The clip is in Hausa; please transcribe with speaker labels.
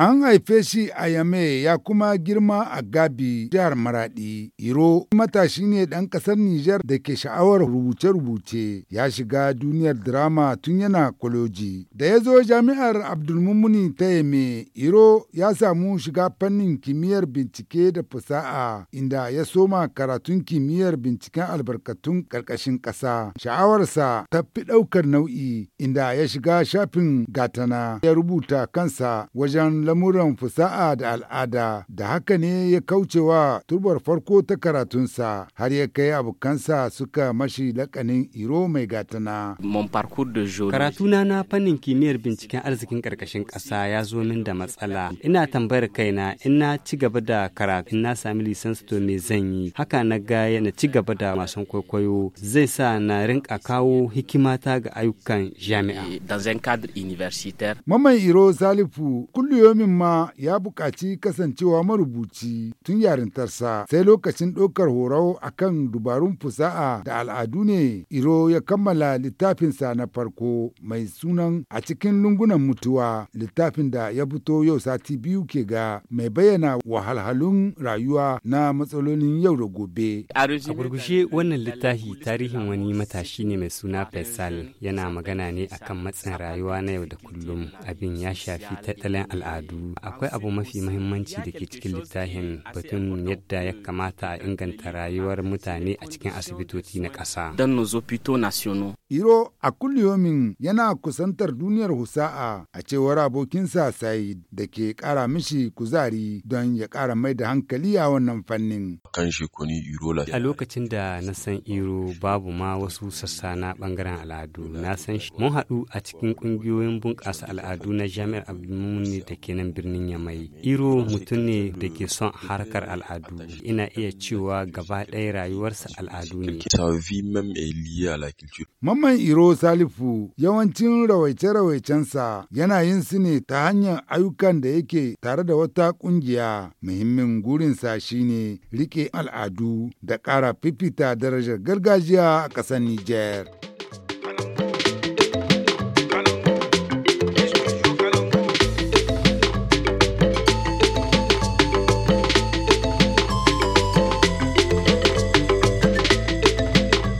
Speaker 1: An haife shi a Yame ya kuma girma a Gabi, jihar Maradi. Iro matashi ne ɗan ƙasar Nijar da ke sha'awar rubuce-rubuce ya shiga duniyar drama tun yana kwaloji. Da ya zo jami'ar Abdulmumuni ta Yame, Iro ya samu shiga fannin kimiyyar bincike da fasa'a inda ya soma karatun kimiyyar binciken albarkatun ƙarƙashin ƙasa. Sha'awarsa ta fi ɗaukar nau'i inda ya shiga shafin gatana ya rubuta kansa wajen lamuran fusa'a da al'ada da haka ne ya kaucewa turbar farko ta karatunsa har ya kai abokansa suka mashi lakanin iro mai gatana.
Speaker 2: Karatuna na fannin kimiyyar binciken arzikin ƙarƙashin ƙasa ya zo min da matsala. Ina tambayar kaina in ci gaba da karatu na sami lisansi to me zan yi. Haka na ga yana ci gaba da masan kwaikwayo zai sa na rinka kawo hikimata ga ayyukan jami'a.
Speaker 1: Maman Iro Salifu kulliyomi Alamin ma ya buƙaci kasancewa marubuci tun yarintarsa sai lokacin ɗaukar horo akan dubarun fusa'a da al'adu ne Iro ya kammala littafinsa na farko mai sunan a cikin lungunan mutuwa littafin da ya fito yau sati biyu ke ga mai bayyana wahalhalun rayuwa na matsalolin yau da gobe.
Speaker 2: A gurgushe wannan littafi tarihin wani matashi ne mai suna Faisal yana magana ne akan matsin rayuwa na yau da kullum abin ya shafi tattalin al'adu. al'adu akwai abu mafi mahimmanci da ke cikin littafin batun yadda ya kamata a inganta rayuwar mutane a cikin asibitoci na ƙasa.
Speaker 1: Iro a kulliyomin yana kusantar duniyar husa'a a cewar abokinsa Said da ke ƙara mishi kuzari don ya ƙara mai da hankali a wannan fannin. Kan Iro A
Speaker 2: lokacin da na san Iro babu ma wasu sassa na ɓangaren al'adu na san shi. Mun haɗu a cikin ƙungiyoyin bunƙasa al'adu na Jami'ar Abdulmuni da ke kenan birnin Yamai. Iro mutum ne da ke son harkar al'adu. Ina iya cewa gaba ɗaya rayuwarsa al'adu ne.
Speaker 1: Mamman Iro Salifu yawancin rawaice-rawaicensa yana yin su ne ta hanyar ayyukan da yake tare da wata ƙungiya. Muhimmin gurinsa shine riƙe al'adu da ƙara fifita darajar gargajiya a ƙasar niger